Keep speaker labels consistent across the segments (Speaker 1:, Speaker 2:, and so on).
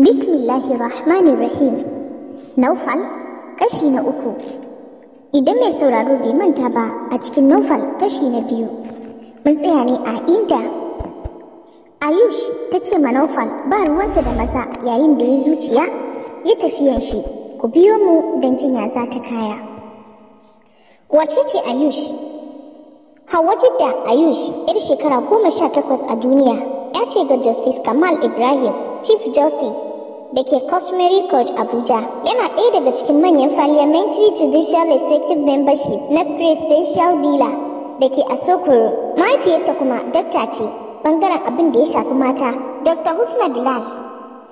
Speaker 1: Bismillahi rahmani Rahim. Naufal kashi na uku. Idan mai sauraro bai manta ba a cikin Naufal kashi na biyu. Mun tsaya ne a inda Ayush ta ce ma Naufal ba ruwanta da maza yayin da ya zuciya ya tafiyan shi. Ku biyo mu don jinya za ta kaya. Wace ce Ayush? Hawa Jidda Ayush, 'yar shekara goma sha takwas a duniya, ya ce ga Justice Kamal Ibrahim Chief Justice da ke Customary Court Abuja yana ɗaya daga cikin manyan Parliamentary Judicial Respective Membership na Presidential Villa da ke a Sokoro. Mahaifiyarta kuma dokta ce bangaren abin da ya shafi mata. Dr. Husna Bilal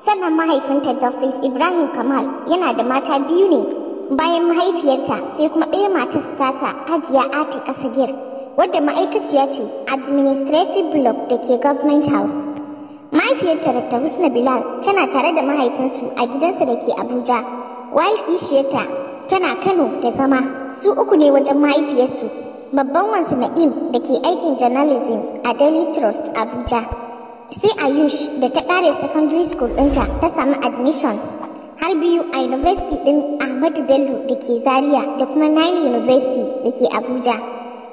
Speaker 1: sannan mahaifinta Justice Ibrahim Kamal yana da mata biyu ne bayan mahaifiyarta sai kuma ɗaya matar tasa ajiya Ati gir wadda ma'aikaciya ce Administrative Block da ke Government House. mahaifiyarta Dr. Husna Bilal tana tare da mahaifinsu a gidansa da ke Abuja, wal kishiyarta tana Kano da zama su uku ne wajen mahaifiyarsu, babban wansu Na'im da ke aikin journalism a Daily Trust Abuja. Sai Ayush da ta ƙare secondary school ɗinta ta samu admission har biyu a University ɗin Ahmadu Bello da ke Zaria da kuma Nile University da ke Abuja.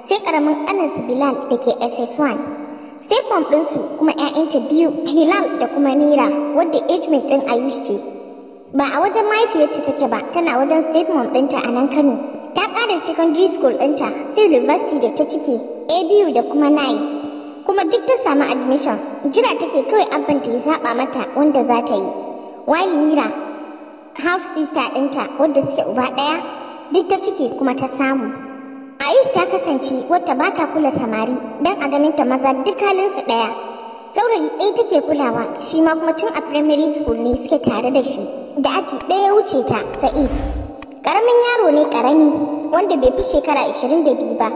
Speaker 1: Sai ƙaramin ƙaninsu Bilal da ke SS1 Stephen ɗinsu kuma 'ya'yanta biyu Hilal da kuma Nira wadda age mai ɗin Ayush ce. Ba a wajen mahaifiyarta take ba, tana wajen stepmom ɗinta a nan Kano. Ta ƙara secondary school ɗinta sai university da ta cike ABU da kuma NAI. Kuma duk ta samu admission, jira take kawai abbanta ya zaɓa mata wanda za ta yi. While Nira, half sister ɗinta wadda suke uba ɗaya, duk ta cike kuma ta samu. Aisha ta kasance wata ba ta kula samari don a ganin ta maza duk halinsu ɗaya. Saurayi ɗaya take kulawa shi ma kuma tun a primary school ne suke tare da shi da aji ɗaya ya wuce ta Sa'id. Ƙaramin yaro ne ƙarami wanda bai fi shekara da biyu ba.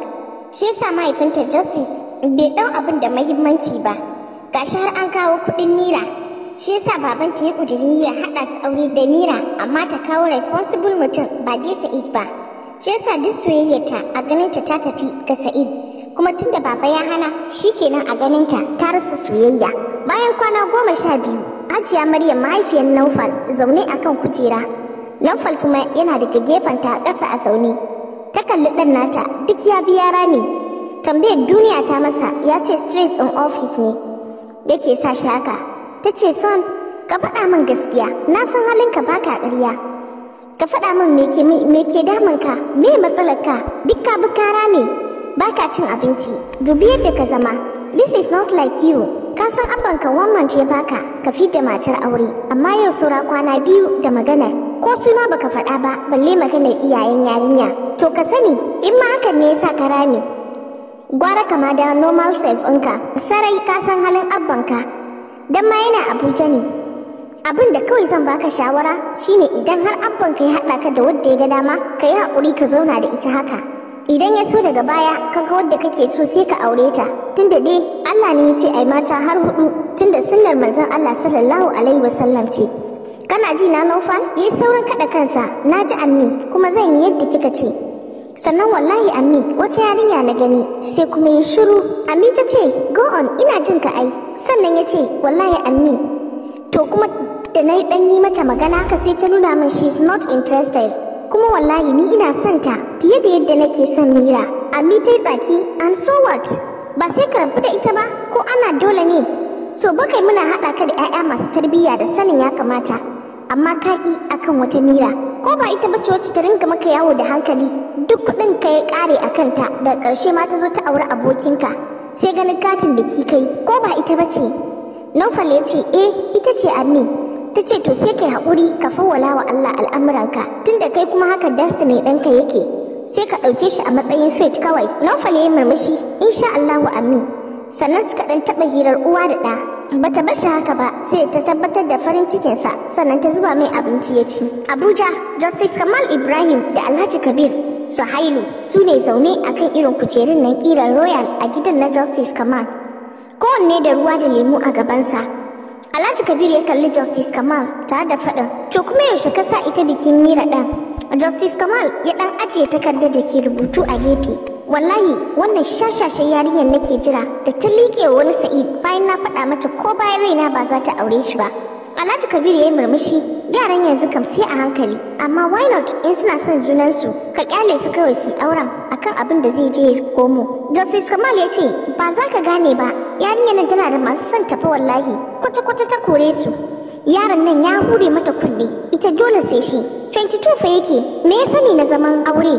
Speaker 1: Shi yasa mahaifinta Justice bai ɗau abin da mahimmanci ba. Gashi har an kawo kuɗin nira shi yasa babanta ya ƙudiri ya haɗa su aure da nira amma ta kawo responsible mutum ba dai Sa'id ba. shi yasa duk soyayyarta a ganinta ta tafi ga Sa'id kuma tunda baba ya hana shi kenan a ganinta ta rasa soyayya bayan kwana goma sha biyu ajiya Maryam mahaifiyar Naufal zaune a kan kujera Naufal kuma yana daga gefenta ƙasa a zaune ta kalli ɗan nata duk ya biya rami tambayar duniya ta masa ya ce stress in office ne yake sa shaka ta ce son ka faɗa min gaskiya na san halinka baka ƙarya ka faɗa min me ke damun ka me matsalar ka duk ka bi rami. Ba baka cin abinci dubi yadda ka zama this is not like you ka san abban ka wannan ya baka ka fi da matar aure amma yau saura kwana biyu da maganar ko suna baka faɗa ba balle maganar iyayen yarinya to ka sani in ma hakan ne yasa ka rami. gwara kama da normal self ɗinka sarai ka san halin abban ka dan ma yana abuja ne abin da kawai zan baka shawara shine idan har abban ka ya haɗa ka da wadda ya ga dama ka yi haƙuri ka zauna da ita haka idan ya so daga baya ka ga wadda kake so sai ka aure ta tunda dai Allah ne ya ce ai mata har hudu tunda sunnar manzon Allah sallallahu alaihi wasallam ce kana ji na Naufal yi saurin kada kansa na ji ammi kuma zan yi yadda kika ce sannan wallahi ammi wata yarinya na gani sai kuma ya shiru ammi ta ce go on ina jin ka ai sannan ya ce wallahi ammi to kuma da na yi ɗan yi mata magana ka sai ta nuna min she is not interested kuma wallahi ni ina son ta fiye da yadda nake son mira ami ta yi tsaki and so what ba sai ka rabu da ita ba ko ana dole ne so bakai muna haɗa ka da 'ya'ya masu tarbiyya da sanin ya kamata amma ka ƙi akan wata mira ko ba ita bace wacce ta ringa maka yawo da hankali duk kuɗin ka ya kare a kanta da ƙarshe ma ta zo ta auri abokinka sai ganin katin biki kai ko ba ita bace Nofal ya ce eh ita ce Amin ta ce to sai kai haƙuri ka fawwala wa Allah al'amuranka tunda kai kuma haka destiny ɗanka yake sai ka ɗauke shi a matsayin fate kawai naufal ya yi murmushi insha Allahu amin sannan suka ɗan taɓa hirar uwa da ɗa bata bashi haka ba sai ta tabbatar da farin cikinsa sannan ta zuba mai abinci ya ci abuja justice kamal ibrahim da alhaji kabir suhailu su ne zaune a kan irin kujerun nan kiran royal a gidan na justice kamal kowanne da ruwa da lemu a gabansa Alhaji Kabiru ya kalli Justice Kamal tare da faɗin, to kuma yaushe ka sa ita bikin mira ɗan? Justice Kamal ya ɗan ajiye takardar da ke rubutu a gefe. Wallahi wannan shashashe yarinyar nake jira da ta liƙe wani sa'id bayan na faɗa mata ko bayan raina ba za ta aure shi ba. Alhaji Kabir ya yi murmushi yaran yanzu kam sai a hankali amma why not in suna son junansu ka kyale su kawai su yi auren akan abin da zai je ya komo. Justice Kamal ya ce ba za ka gane ba yarinyar nan tana da masu son tafi wallahi kwata-kwata ta kore su yaron nan ya hure mata kunne ita dole sai shi 22 fa yake me ya sani na zaman aure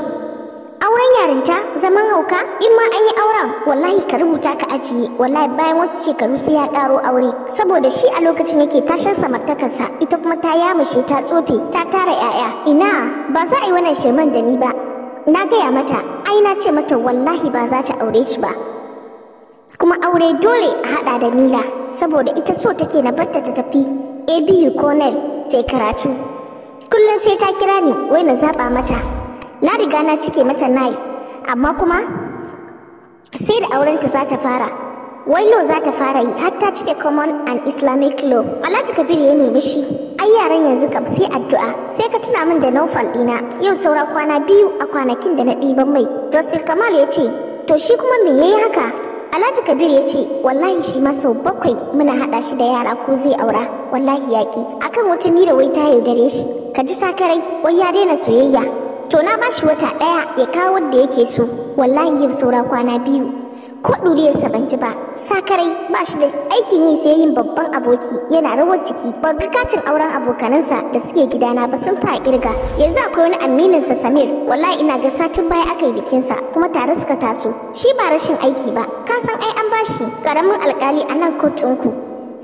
Speaker 1: auren yarinta zaman hauka in ma an yi auren wallahi ka rubuta ka ajiye wallahi bayan wasu shekaru sai ya karo aure saboda shi a lokacin yake tashin samartakarsa ita kuma ta yamushe ta tsofe ta tara yaya ina ba za a yi wannan sheman da ni ba na gaya mata ai na ce mata wallahi ba za ta aure shi ba kuma aure dole a haɗa da nila saboda ita so take na barta ta tafi abu cornell ta yi karatu kullum sai ta kira ni wai na zaba mata na riga na cike mata nai amma kuma sai da aurenta za ta fara wai lo za ta fara yi har cike common and islamic law alhaji kabiru ya murmushi ai yaran yanzu kam sai addu'a sai ka tuna min da nufal dina. yau saura kwana biyu a kwanakin da na ɗiban mai justin kamal ya ce to shi kuma me yayi haka Alhaji Kabir ya ce wallahi shi ma sau bakwai muna haɗa shi da yara ko zai aura wallahi yaƙi akan wata mira wai ta yaudare shi ka ji sakarai wai ya daina soyayya to na bashi wata ɗaya ya kawo wanda yake so wallahi yau saura kwana biyu ko ɗuriyarsa ban ji ba sakarai ba shi da aikin yi sai yin babban aboki yana rawar jiki ban ga kacin auren abokanansa da suke gidana ba sun fa kirga yanzu akwai wani aminin sa Samir wallahi ina ga satin baya aka yi bikin sa kuma tare suka taso shi ba rashin aiki ba ka san ai an bashi karamin alkali a nan kotun ku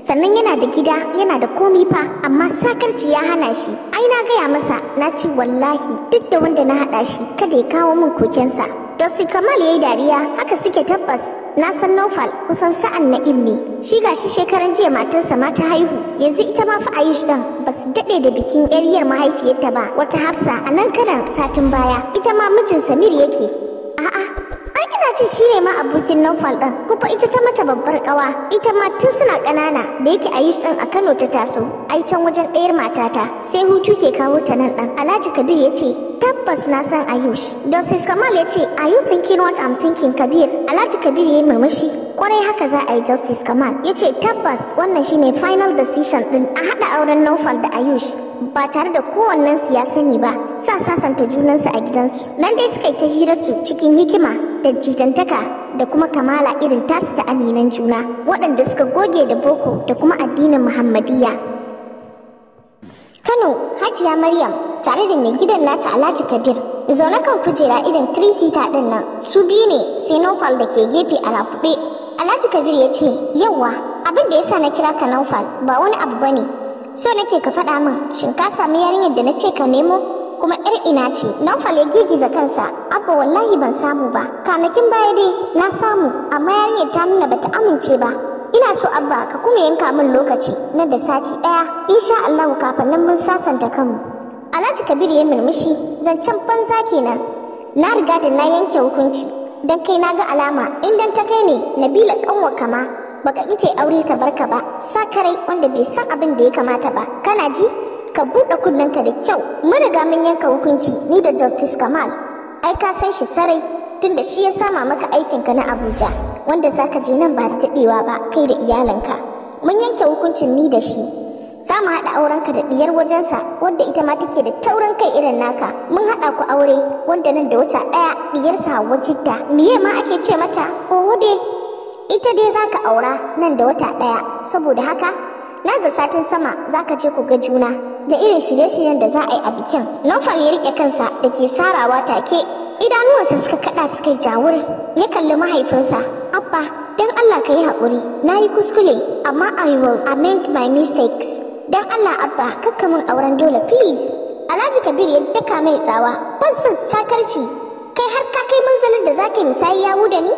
Speaker 1: sannan yana da gida yana da komi fa amma sakarci ya hana shi ai na gaya masa na ce wallahi duk da wanda na haɗa shi kada ya kawo min kokensa Dosi Kamal ya yi dariya haka suke tabbas na san Naufal kusan sa'an na ne. Shi ga shi shekaran jiya matarsa ma ta haihu yanzu ita ma fa Ayush ɗin ba su daɗe da bikin yariyar mahaifiyarta ba wata Hafsa a nan karan satin baya ita ma mijin Samir yake. A'a ai ina ce shi ne ma abokin Naufal ɗin kuma ita ta mata babbar ƙawa ita ma tun suna ƙanana da yake Ayush ɗin a Kano ta taso ai can wajen ɗayar matata sai hutu ke kawo ta nan ɗan Alhaji Kabir ya ce tabbas na san Ayush. Justice Kamal ya ce, Are you thinking what I'm thinking Kabir? Alhaji Kabir ya yi murmushi. Kwarai haka za a yi Justice Kamal. Ya ce, Tabbas wannan shi ne final decision din a haɗa auren Naufal da Ayush. Ba tare da kowannensu ya sani ba, sa sasanta junansu a gidansu. Nan dai suka yi ta hirarsu cikin hikima da jijantaka da kuma kamala irin tasu ta aminan juna waɗanda suka goge da boko da kuma addinin muhammadiyya kano hajiya maryam tare da mai gidan nata Alhaji Kabir. Zaune kan kujera irin tirisita ɗin nan su biyu ne sai Nofal da ke gefe a rakuɓe. Alhaji Kabir ya ce yawwa abin da yasa na kira ka Nofal ba wani abu bane So nake ka faɗa min shin ka sami yarinyar da na ce ka nemo? kuma yar ina ce naufal ya girgiza kansa abba wallahi ban samu ba kanakin baya dai na samu amma yarinyar ta nuna bata amince ba ina so abba ka kuma yanka min lokaci nan da sati ɗaya. insha allahu kafin nan mun sasanta kanmu Alhaji Kabiru ya murmushi zancen banza kenan. Na riga da na yanke hukunci don kai na ga alama in dan ta kai ne Nabila kanwa kama baka ki tai aure ta barka ba Sa karai, wanda bai san abin da ya kamata ba kana ji ka buɗe kunnenka da kyau mun riga mun yanka hukunci ni da Justice Kamal ai ka san shi sarai tunda shi ya sama maka aikinka na Abuja wanda zaka je nan ba da daɗewa ba kai da iyalanka mun yanke hukuncin ni da shi za mu haɗa aurenka da ɗiyar wajensa wadda ita ma take da taurin kai irin naka mun haɗa ku aure wanda nan da wata ɗaya ɗiyarsa hawa jidda miye ma ake ce mata oho dai ita dai za ka aura nan da wata ɗaya saboda haka na da satin sama za ka je ku ga juna da irin shirye-shiryen da za a yi a bikin nufan ya riƙe kansa da ke sarawa take idanuwansa suka kaɗa suka yi jawur ya kalli mahaifinsa abba don allah ka yi haƙuri na yi kuskure amma i will amend my mistakes don Allah abba kakka min auren dole please Alhaji Kabir ya daka mai tsawa ban san sakarci kai har ka kai manzalin da zaka misayi misali ya da ni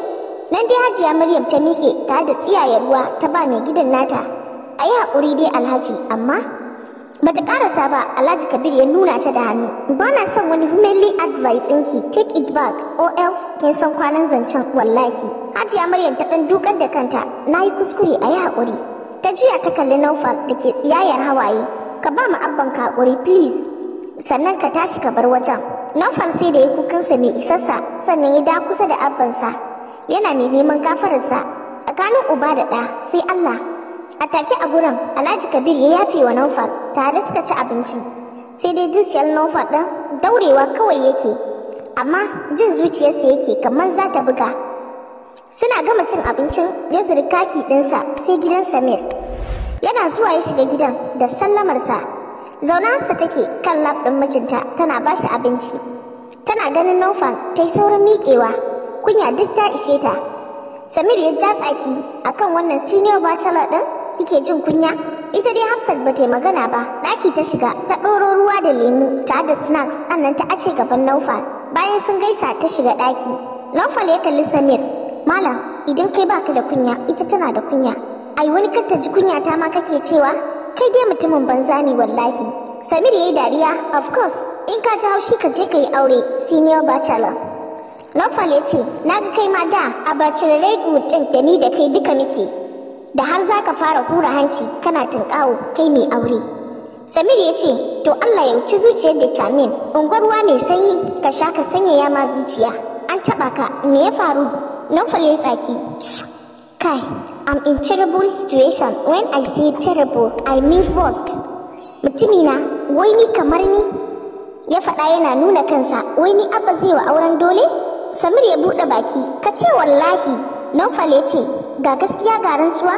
Speaker 1: nan dai Hajiya Maryam ta mike ta da ya ruwa ta ba mai gidan nata ayi hakuri dai Alhaji amma bata karasa ba Alhaji Kabir ya nuna ta da hannu ba na son wani humanly advice ɗinki take it back or else kin san kwanan zancen wallahi Hajiya Maryam ta dan dukar da kanta nayi kuskure ayi hakuri ta jiya ta kalli Naufal da ke tsiyayar hawaye, ka ba mu abban kakuri please, sannan ka tashi ka bar wajen. Naufal sai da ya kukansa mai isassa sannan ya da kusa da abbansa, yana mai neman gafararsa tsakanin uba da ɗa sai Allah. A take a gurin Alhaji Kabir ya yafe wa Naufal tare suka ci abinci, sai dai zuciyar Naufal ɗin daurewa kawai yake, amma jin zuciyarsa yake kamar za ta buga. Suna gama cin abincin ya ziri ɗinsa sai gidan Samir. Yana zuwa ya shiga gidan da sallamarsa. Zaunansa take kan lab ɗin mijinta tana ba shi abinci. Tana ganin Nufan ta yi saurin miƙewa, kunya duk ta ishe ta. Samir ya ja tsaki a kan wannan senior bachelor ɗin kike jin kunya. Ita dai Hafsat ba ta magana ba, ɗaki ta shiga ta ɗoro ruwa da lemu tare da snacks sannan ta ace gaban Naufal. Bayan sun gaisa ta shiga ɗaki. Naufal ya kalli Samir malam idan kai baka da kunya ita tana da kunya ai wani kar ji kunya ta ma kake cewa kai dai mutumin banza ne wallahi samir yayi dariya of course in ka ji haushi ka je ka yi aure senior bachelor Nofal ya ce, Na ga kai ma da a bachelorate ɗin da ni da kai duka muke, da har za ka fara hura hanci kana tunƙawo kai mai aure. Samir ya ce, To Allah ya wuci zuciyar da camin, unguwar mai sanyi ka sha ka sanya ma zuciya, an taɓa ka, me ya faru? Numfal ya tsaki. Kai, I'm in terrible situation. When I say terrible, I mean worst. Mutumina, wai ni kamar ni? Ya faɗa yana nuna kansa, wai ni abba zai wa auren dole? Samir ya buɗe baki, ka ce wallahi. Numfal ya ce, ga gaskiya ga rantsuwa?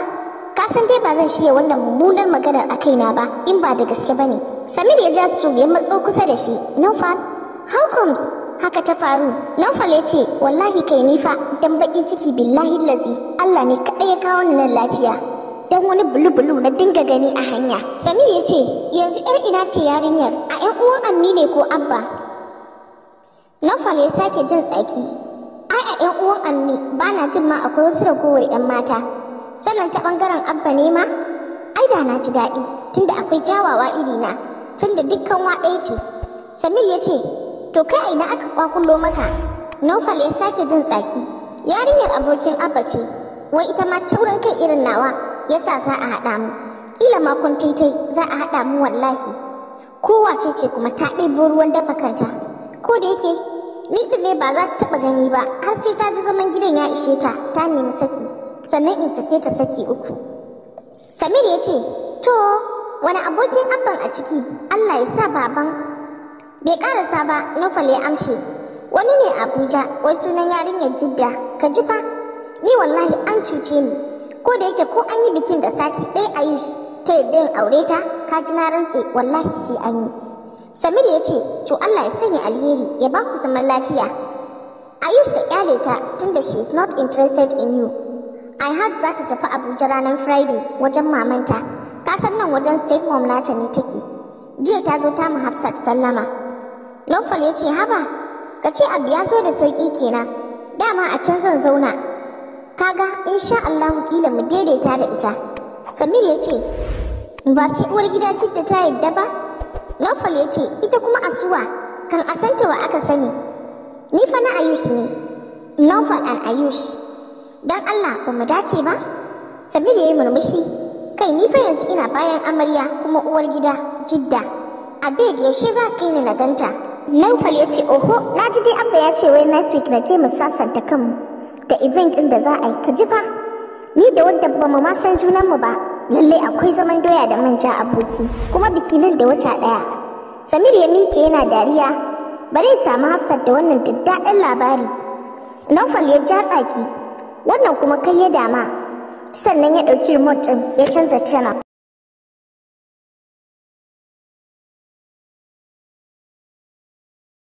Speaker 1: Ka san dai ba zan shirya wannan mummunar maganar a kaina ba, in ba da gaske ba ne. Samir ya ja su ya matso kusa da shi. Numfal, how comes? haka ta faru naufal ce wallahi kai nifa dan bakin ciki billahi lazi allah ne kaɗai ya kawo ni nan lafiya dan wani bulu-bulu na dinga gani a hanya samir ya ce yanzu yar ina ce yarinyar a yan uwan ammi ne ko abba naufal sake jin tsaki ai a yan uwan ammi ba na jin ma akwai wasu ragowar yan mata sannan ta bangaren abba ne ma ai da na ji daɗi tunda akwai kyawawa iri na tunda dukkan wa ce samir ya ce to kai ina aka kwakulo maka Naufal ya sake jin tsaki yarinyar abokin abba ce wai ita ma taurin kai irin nawa yasa za a haɗa mu kila makon taitai za a haɗa mu wallahi Kowacece ce kuma ta ɗebo ruwan dafa kanta ko da yake ni ɗin ne ba za ta taɓa gani ba har sai ta ji zaman gidan ya ishe ta ta nemi saki sannan in sake ta saki uku samir ya ce to wani abokin abban a ciki allah ya sa baban bai karasa ba nufal ya amshe wani ne abuja wai sunan yarinyar jidda ka ji fa ni wallahi an cuce ni ko da yake ko an yi bikin da sati ɗaya ayush ta yadda aure ta ka ji na rantse wallahi sai an yi samir ya ce to allah ya sanya alheri ya ba ku zaman lafiya ayush ka kyale ta tunda she is not interested in you i had za ta tafi abuja ranar friday wajen mamanta ka san nan wajen step mom nata ne take jiya ta zo ta mu hafsat sallama Lawful ya ce haba ka ce abu ya zo da sauƙi kenan dama a can zan zauna kaga insha Allah kila mu daidaita da ita Samir ya ce ba sai uwar gida jidda ta yadda ba Lawful ya ce ita kuma asuwa kan asanta wa aka sani ni fa na Ayush ne Lawful an Ayush dan Allah ba mu dace ba Samir ya yi murmushi kai ni fa yanzu ina bayan amarya kuma uwar gida jidda abid yaushe za ka yi ni na ganta Naufal ya ce oho na ji dai abba ya ce wai na week na ce mu sasanta kanmu da event ɗin da za a yi ka ji fa ni da wadda ba mu ma san junan mu ba lallai akwai zaman doya da manja aboki kuma biki nan da wata ɗaya samir ya miƙe yana dariya bari ya samu hafsat da wannan daddaɗin labari naufal ya ja tsaki wannan kuma kai ya dama sannan ya ɗauki remote ɗin ya canza channel